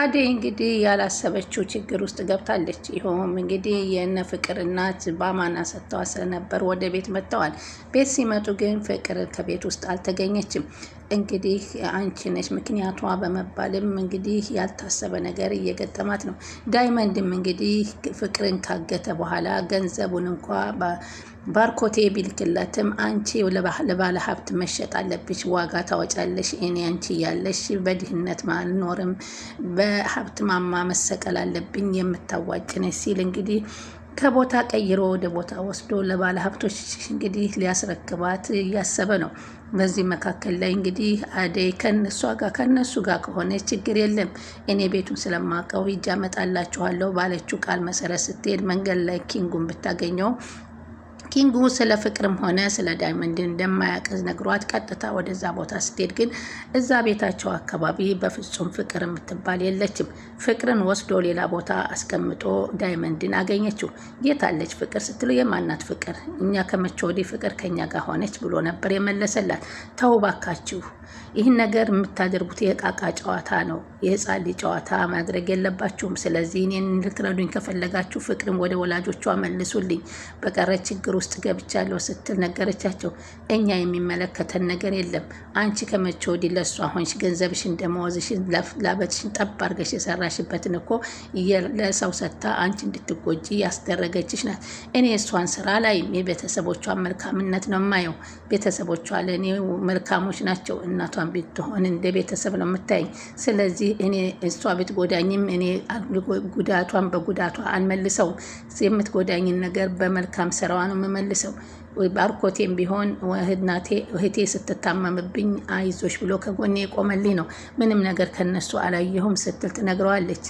አደይ እንግዲህ ያላሰበችው ችግር ውስጥ ገብታለች። ይኸውም እንግዲህ የእነ ፍቅር እናት በአማና ሰጥተዋ ስለነበር ወደ ቤት መጥተዋል። ቤት ሲመጡ ግን ፍቅር ከቤት ውስጥ አልተገኘችም። እንግዲህ አንቺ ነች ምክንያቷ በመባልም እንግዲህ ያልታሰበ ነገር እየገጠማት ነው። ዳይመንድም እንግዲህ ፍቅርን ካገተ በኋላ ገንዘቡን እንኳ ባርኮቴ ቢልክለትም አንቺ ለባለ ሀብት መሸጥ አለብሽ፣ ዋጋ ታወጫለሽ፣ እኔ አንቺ እያለሽ በድህነት አልኖርም፣ በሀብት ማማ መሰቀል አለብኝ፣ የምታዋጭ ነች ሲል እንግዲህ ከቦታ ቀይሮ ወደ ቦታ ወስዶ ለባለ ሀብቶች እንግዲህ ሊያስረክባት እያሰበ ነው። በዚህ መካከል ላይ እንግዲህ አደይ ከነሷ ጋር ከነሱ ጋር ከሆነ ችግር የለም እኔ ቤቱን ስለማውቀው ሂጄ አመጣላችኋለሁ ባለችው ቃል መሰረት ስትሄድ መንገድ ላይ ኪንጉን ብታገኘው ኪንጉ ስለ ፍቅርም ሆነ ስለ ዳይመንድ እንደማያውቅ ነግሯት ቀጥታ ወደዛ ቦታ ስትሄድ ግን እዛ ቤታቸው አካባቢ በፍጹም ፍቅር የምትባል የለችም። ፍቅርን ወስዶ ሌላ ቦታ አስቀምጦ ዳይመንድን አገኘችው። የታለች ፍቅር ስትሉ የማናት ፍቅር? እኛ ከመቼ ወዲህ ፍቅር ከኛ ጋር ሆነች ብሎ ነበር የመለሰላት። ተው ባካችሁ፣ ይህን ነገር የምታደርጉት የቃቃ ጨዋታ ነው፣ የህፃን ልጅ ጨዋታ ማድረግ የለባችሁም። ስለዚህ እኔን ልትረዱኝ ከፈለጋችሁ ፍቅርን ወደ ወላጆቿ መልሱልኝ፣ በቀረ ችግሩ ውስጥ ገብቻለሁ ስትል ነገረቻቸው። እኛ የሚመለከተን ነገር የለም። አንቺ ከመቼ ወዲህ ለሱ ሆንሽ? ገንዘብሽን፣ ደመወዝሽን፣ ላበትሽን ጠብ አድርገሽ የሰራሽበትን እኮ ለሰው ሰታ አንቺ እንድትጎጂ ያስደረገችሽ ናት። እኔ እሷን ስራ ላይም የቤተሰቦቿን መልካምነት ነው የማየው። ቤተሰቦቿ ለእኔ መልካሞች ናቸው። እናቷን ብትሆን እንደ ቤተሰብ ነው የምታየኝ። ስለዚህ እኔ እሷ ብትጎዳኝም እኔ ጉዳቷን በጉዳቷ አልመልሰውም። የምትጎዳኝን ነገር በመልካም ስራዋ ነው የምመልሰው። ባርኮቴም ቢሆን እህትናቴ እህቴ ስትታመምብኝ አይዞሽ ብሎ ከጎኔ የቆመልኝ ነው። ምንም ነገር ከነሱ አላየሁም ስትል ትነግረዋለች።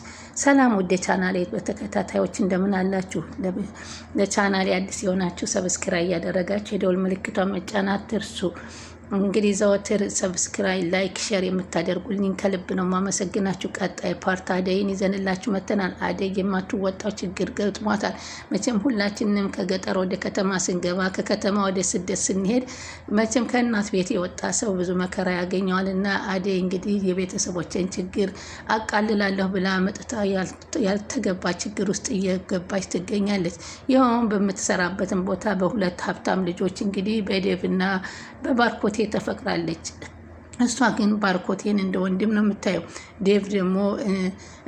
ሰላም ውድ ቻናሌ በተከታታዮች እንደምን አላችሁ? ለቻናሌ አዲስ የሆናችሁ ሰብስክራይብ እያደረጋችሁ የደውል ምልክቷ መጫን አትርሱ። እንግዲህ ዘወትር ሰብስክራይ ላይክ፣ ሼር የምታደርጉልኝ ከልብ ነው ማመሰግናችሁ። ቀጣይ ፓርት አደይን ይዘንላችሁ መተናል። አደይ የማትወጣው ችግር ገጥሟታል። መቼም ሁላችንም ከገጠር ወደ ከተማ ስንገባ፣ ከከተማ ወደ ስደት ስንሄድ መቼም ከእናት ቤት የወጣ ሰው ብዙ መከራ ያገኘዋል እና አደይ እንግዲህ የቤተሰቦችን ችግር አቃልላለሁ ብላ መጥታ ያልተገባ ችግር ውስጥ እየገባች ትገኛለች። ይኸውም በምትሰራበትን ቦታ በሁለት ሀብታም ልጆች እንግዲህ በዴቭ እና በባርኮት ተፈቅራለች። እሷ ግን ባርኮቴን እንደ ወንድም ነው የምታየው። ዴቭ ደግሞ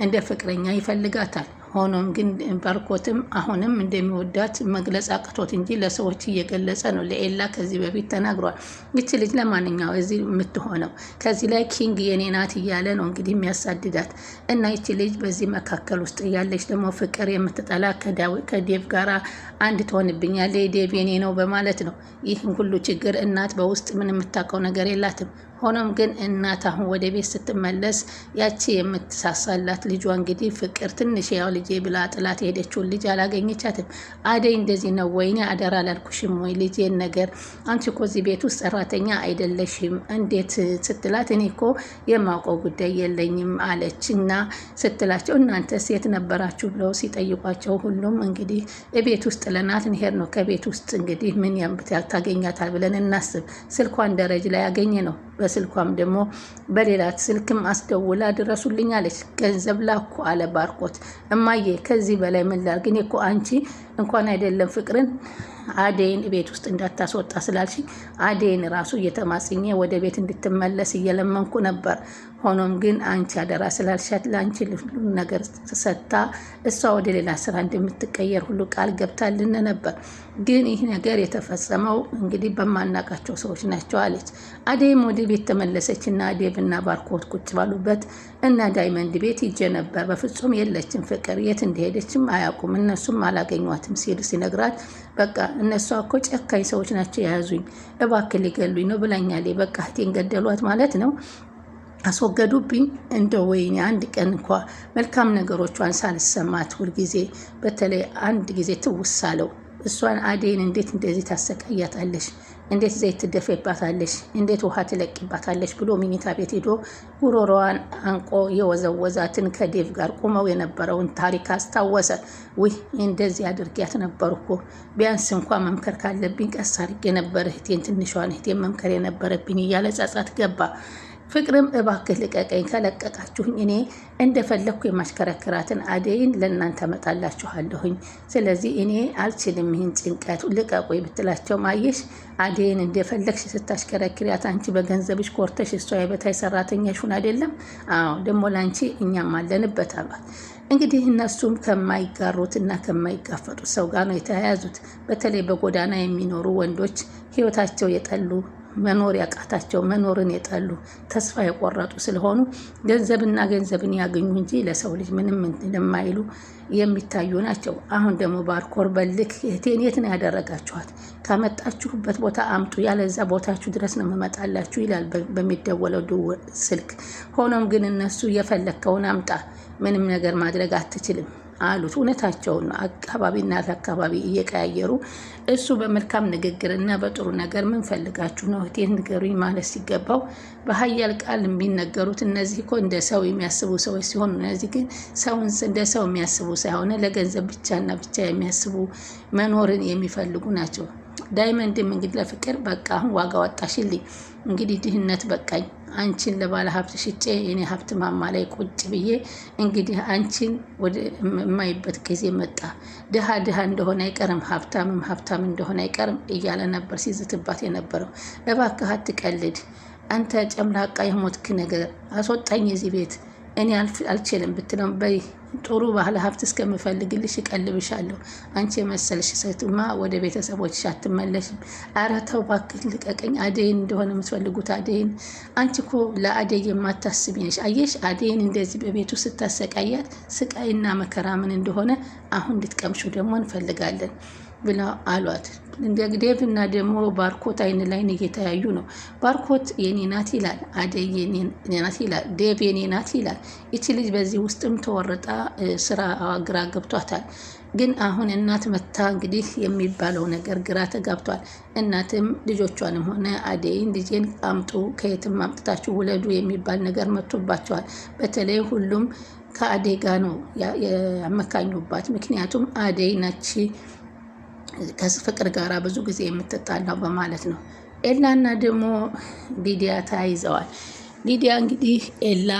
እንደ ፍቅረኛ ይፈልጋታል። ሆኖም ግን ባርኮትም አሁንም እንደሚወዳት መግለጽ አቅቶት እንጂ ለሰዎች እየገለጸ ነው። ለኤላ ከዚህ በፊት ተናግሯል። ይቺ ልጅ ለማንኛው እዚህ የምትሆነው ከዚህ ላይ ኪንግ የኔ ናት እያለ ነው እንግዲህ የሚያሳድዳት እና ይቺ ልጅ በዚህ መካከል ውስጥ እያለች ደግሞ ፍቅር የምትጠላ ከዴቭ ጋር አንድ ትሆንብኛለ ዴቭ የኔ ነው በማለት ነው። ይህን ሁሉ ችግር እናት በውስጥ ምን የምታውቀው ነገር የላትም። ሆኖም ግን እናት አሁን ወደ ቤት ስትመለስ ያቺ የምትሳሳላት ልጇ እንግዲህ ፍቅር ትንሽ ያው ልጄ ብላ ጥላት የሄደችውን ልጅ አላገኘቻትም። አደይ እንደዚህ ነው ወይኔ አደራ አላልኩሽም ወይ ልጄን ነገር አንቺ እኮ እዚህ ቤት ውስጥ ሰራተኛ አይደለሽም እንዴት ስትላት፣ እኔ እኮ የማውቀው ጉዳይ የለኝም አለች እና ስትላቸው እናንተ ሴት ነበራችሁ ብለው ሲጠይቋቸው ሁሉም እንግዲህ እቤት ውስጥ ለናት እንሄድ ነው ከቤት ውስጥ እንግዲህ ምን ያምብት ታገኛታል ብለን እናስብ ስልኳን ደረጅ ላይ ያገኘ ነው በስልኳም ደግሞ በሌላ ስልክም አስደውላ ድረሱልኝ አለች። ገንዘብ ላኩ አለ ባርኮት። እማዬ ከዚህ በላይ ምን ላድርግ? እኔ እኮ አንቺ እንኳን አይደለም ፍቅርን አዴይን ቤት ውስጥ እንዳታስወጣ ስላልሽኝ አዴይን ራሱ እየተማጽኘ ወደ ቤት እንድትመለስ እየለመንኩ ነበር። ሆኖም ግን አንቺ አደራ ስላልሻት ለአንቺ ሁሉም ነገር ተሰጥታ እሷ ወደ ሌላ ስራ እንደምትቀየር ሁሉ ቃል ገብታልን ነበር። ግን ይህ ነገር የተፈጸመው እንግዲህ በማናቃቸው ሰዎች ናቸው አለች። አዴም ወደ ቤት ተመለሰች እና ዴብና ባርኮት ቁጭ ባሉበት እና ዳይመንድ ቤት ይጀ ነበር። በፍጹም የለችም ፍቅር የት እንደሄደችም አያውቁም እነሱም አላገኟትም ሲል ሲነግራት፣ በቃ እነሷ እኮ ጨካኝ ሰዎች ናቸው የያዙኝ፣ እባክህ ሊገሉኝ ነው ብላኛሌ፣ በቃ እህቴን ገደሏት ማለት ነው አስወገዱብኝ እንደ ወይኔ አንድ ቀን እንኳ መልካም ነገሮቿን ሳልሰማት ሁልጊዜ በተለይ አንድ ጊዜ ትውሳለው አለው። እሷን አደይን እንዴት እንደዚህ ታሰቃያታለሽ? እንዴት ዘይት ትደፈባታለሽ? እንዴት ውሃ ትለቂባታለሽ? ብሎ ሚኒታ ቤት ሄዶ ጉሮሮዋን አንቆ የወዘወዛትን ከዴቭ ጋር ቁመው የነበረውን ታሪክ አስታወሰ። ውይ እንደዚህ አድርጊያት ነበር እኮ ቢያንስ እንኳ መምከር ካለብኝ ቀስ አድርጌ ነበር እህቴን፣ ትንሿን እህቴን መምከር የነበረብኝ እያለ ጸጸት ገባ። ፍቅርም እባክህ ልቀቀኝ፣ ከለቀቃችሁኝ እኔ እንደፈለግኩ የማሽከረክራትን አደይን ለእናንተ መጣላችኋለሁኝ። ስለዚህ እኔ አልችልም ይህን ጭንቀት ልቀቁ ብትላቸውም አየሽ አደይን እንደፈለግሽ ስታሽከረክሪያት አንቺ በገንዘብሽ ኮርተሽ እሷ የበታይ ሰራተኛሽ ሁን አይደለም? አዎ ደግሞ እኛም አለንበት አሏት። እንግዲህ እነሱም ከማይጋሩት እና ከማይጋፈጡት ሰው ጋር ነው የተያያዙት። በተለይ በጎዳና የሚኖሩ ወንዶች ህይወታቸው የጠሉ መኖር ያቃታቸው መኖርን የጠሉ ተስፋ የቆረጡ ስለሆኑ ገንዘብና ገንዘብን ያገኙ እንጂ ለሰው ልጅ ምንም እንደማይሉ የሚታዩ ናቸው። አሁን ደግሞ ባርኮር በልክ እህቴን የት ነው ያደረጋችኋት? ከመጣችሁበት ቦታ አምጡ፣ ያለዛ ቦታችሁ ድረስ ነው መመጣላችሁ ይላል በሚደወለው ድውል ስልክ። ሆኖም ግን እነሱ የፈለግከውን አምጣ፣ ምንም ነገር ማድረግ አትችልም አሉት። እውነታቸውን ነው። አካባቢ እናት አካባቢ እየቀያየሩ እሱ በመልካም ንግግር እና በጥሩ ነገር ምን ፈልጋችሁ ነው እህቴን ንገሩኝ ማለት ሲገባው በሀያል ቃል የሚነገሩት እነዚህ እኮ እንደ ሰው የሚያስቡ ሰዎች ሲሆኑ፣ እነዚህ ግን ሰውን እንደ ሰው የሚያስቡ ሳይሆን ለገንዘብ ብቻና ብቻ የሚያስቡ መኖርን የሚፈልጉ ናቸው። ዳይመንድም እንግዲህ ለፍቅር በቃ አሁን ዋጋ ወጣሽልኝ፣ እንግዲህ ድህነት በቃኝ፣ አንቺን ለባለ ሀብት ሽጬ የኔ ሀብት ማማ ላይ ቁጭ ብዬ እንግዲህ አንቺን ወደ የማይበት ጊዜ መጣ። ድሃ ድሃ እንደሆነ አይቀርም፣ ሀብታምም ሀብታም እንደሆነ አይቀርም እያለ ነበር ሲዝትባት የነበረው። እባክህ አትቀልድ አንተ ጨምላቃ የሞትክ ነገር፣ አስወጣኝ የዚህ ቤት እኔ አልችልም ብትለው በይ ጥሩ ባህል ሀብት እስከምፈልግልሽ እቀልብሻለሁ። አንቺ የመሰልሽ ሴትማ ወደ ቤተሰቦችሽ አትመለሽም። ኧረ ተው እባክህ ልቀቀኝ። አደይን እንደሆነ የምትፈልጉት አደይን። አንቺ እኮ ለአደይ የማታስቢ ነሽ። አየሽ አደይን እንደዚህ በቤቱ ስታሰቃያት ስቃይና መከራ ምን እንደሆነ አሁን እንድትቀምሹ ደግሞ እንፈልጋለን። ብላ አሏት። እንግዲህ እና ደግሞ ባርኮት አይን ላይን እየተያዩ ነው። ባርኮት የኔ ናት ይላል፣ አደይ የኔ ናት ይላል፣ ዴቭ የኔ ናት ይላል። ይቺ ልጅ በዚህ ውስጥም ተወርጣ ስራ ግራ ገብቷታል። ግን አሁን እናት መታ እንግዲህ የሚባለው ነገር ግራ ተጋብቷል። እናትም ልጆቿንም ሆነ አደይን ልጄን አምጡ ከየትም አምጥታችሁ ውለዱ የሚባል ነገር መጥቶባቸዋል። በተለይ ሁሉም ከአደይ ጋ ነው ያመካኙባት። ምክንያቱም አደይ ነች ከፍቅር ጋር ብዙ ጊዜ የምትጣላው በማለት ነው። ኤላና ደግሞ ሊዲያ ተያይዘዋል። ሊዲያ እንግዲህ ኤላ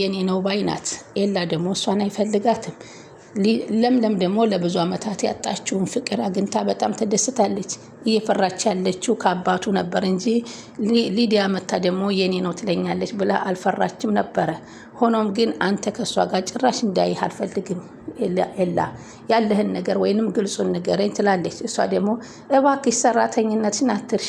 የኔ ነው ባይ ናት። ኤላ ደግሞ እሷን አይፈልጋትም። ለምለም ደግሞ ለብዙ ዓመታት ያጣችውን ፍቅር አግኝታ በጣም ተደስታለች። እየፈራች ያለችው ከአባቱ ነበር እንጂ ሊዲያ መታ ደግሞ የኔ ነው ትለኛለች ብላ አልፈራችም ነበረ። ሆኖም ግን አንተ ከእሷ ጋር ጭራሽ እንዳይህ አልፈልግም ኤላ፣ ያለህን ነገር ወይንም ግልጹን ንገረኝ ትላለች። እሷ ደግሞ እባክሽ ሰራተኝነትሽን አትርሽ፣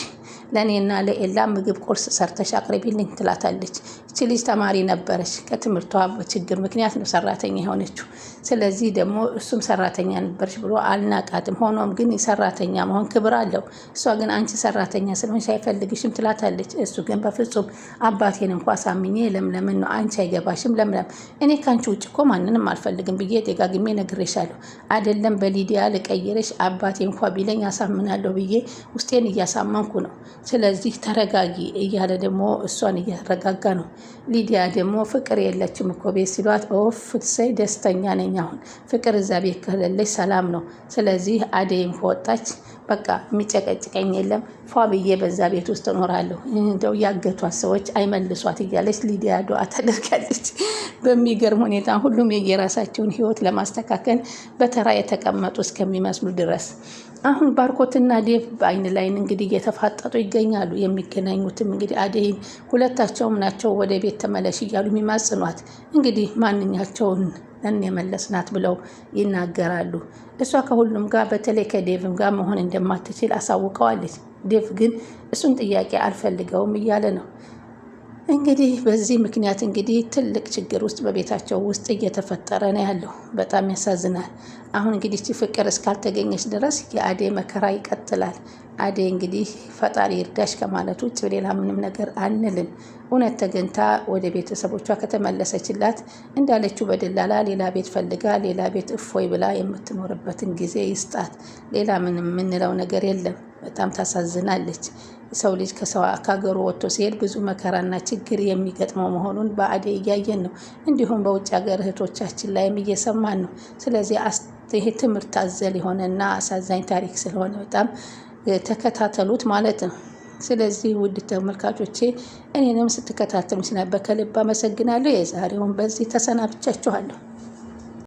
ለእኔና ለኤላ ምግብ ቁርስ ሰርተሽ አቅርቢልኝ ትላታለች። እቺ ልጅ ተማሪ ነበረች። ከትምህርቷ ችግር ምክንያት ነው ሰራተኛ የሆነችው። ስለዚህ ደግሞ እሱም ሰራተኛ ነበረች ብሎ አልናቃትም። ሆኖም ግን ሰራተኛ መሆን ክብር አለው። እሷ ግን አንቺ ሰራተኛ ስለሆንሽ አይፈልግሽም ትላታለች። እሱ ግን በፍጹም አባቴን እንኳ ሳምኜ ለምለምን ነው አንቺ አይገባሽም ለምለም፣ እኔ ከአንቺ ውጭ እኮ ማንንም አልፈልግም ብዬ ደጋግሜ ነግሬሻለሁ አይደለም በሊዲያ ልቀይረሽ አባቴ እንኳ ቢለኝ አሳምናለሁ ብዬ ውስጤን እያሳመንኩ ነው። ስለዚህ ተረጋጊ እያለ ደግሞ እሷን እያረጋጋ ነው። ሊዲያ ደግሞ ፍቅር የለችም እኮ ቤት ሲሏት ኦፍ ደስተኛ ነኝ አሁን ፍቅር እዛ ቤት ከሌለች ሰላም ነው። ስለዚህ አደይም ከወጣች በቃ የሚጨቀጭቀኝ የለም ፏ ብዬ በዛ ቤት ውስጥ እኖራለሁ፣ እንደው ያገቷት ሰዎች አይመልሷት እያለች ሊዲያ ዱዓ ታደርጋለች። በሚገርም ሁኔታ ሁሉም የየራሳቸውን ህይወት ለማስተካከል በተራ የተቀመጡ እስከሚመስሉ ድረስ አሁን ባርኮትና ዴቭ በአይን ላይን እንግዲህ እየተፋጠጡ ይገኛሉ። የሚገናኙትም እንግዲህ አደይን ሁለታቸውም ናቸው ወደ ቤት ተመለሽ እያሉ የሚማጽኗት እንግዲህ ማንኛቸውን አምጥተን የመለስናት ብለው ይናገራሉ። እሷ ከሁሉም ጋር በተለይ ከዴቭም ጋር መሆን እንደማትችል አሳውቀዋለች። ዴቭ ግን እሱን ጥያቄ አልፈልገውም እያለ ነው። እንግዲህ በዚህ ምክንያት እንግዲህ ትልቅ ችግር ውስጥ በቤታቸው ውስጥ እየተፈጠረ ነው ያለው። በጣም ያሳዝናል። አሁን እንግዲህ እቺ ፍቅር እስካልተገኘች ድረስ የአዴ መከራ ይቀጥላል። አዴ እንግዲህ ፈጣሪ እርዳሽ ከማለት ውጭ በሌላ ምንም ነገር አንልም። እውነት ተገኝታ ወደ ቤተሰቦቿ ከተመለሰችላት እንዳለችው በደላላ ሌላ ቤት ፈልጋ ሌላ ቤት እፎይ ብላ የምትኖርበትን ጊዜ ይስጣት። ሌላ ምንም የምንለው ነገር የለም። በጣም ታሳዝናለች። ሰው ልጅ ከሰው ከሀገሩ ወጥቶ ሲሄድ ብዙ መከራና ችግር የሚገጥመው መሆኑን በአዴ እያየን ነው። እንዲሁም በውጭ ሀገር እህቶቻችን ላይም እየሰማን ነው። ስለዚህ ይህ ትምህርት አዘል የሆነና አሳዛኝ ታሪክ ስለሆነ በጣም ተከታተሉት ማለት ነው። ስለዚህ ውድ ተመልካቾቼ እኔንም ስትከታተሉ ነበር ከልብ አመሰግናለሁ። የዛሬውን በዚህ ተሰናብቻችኋለሁ።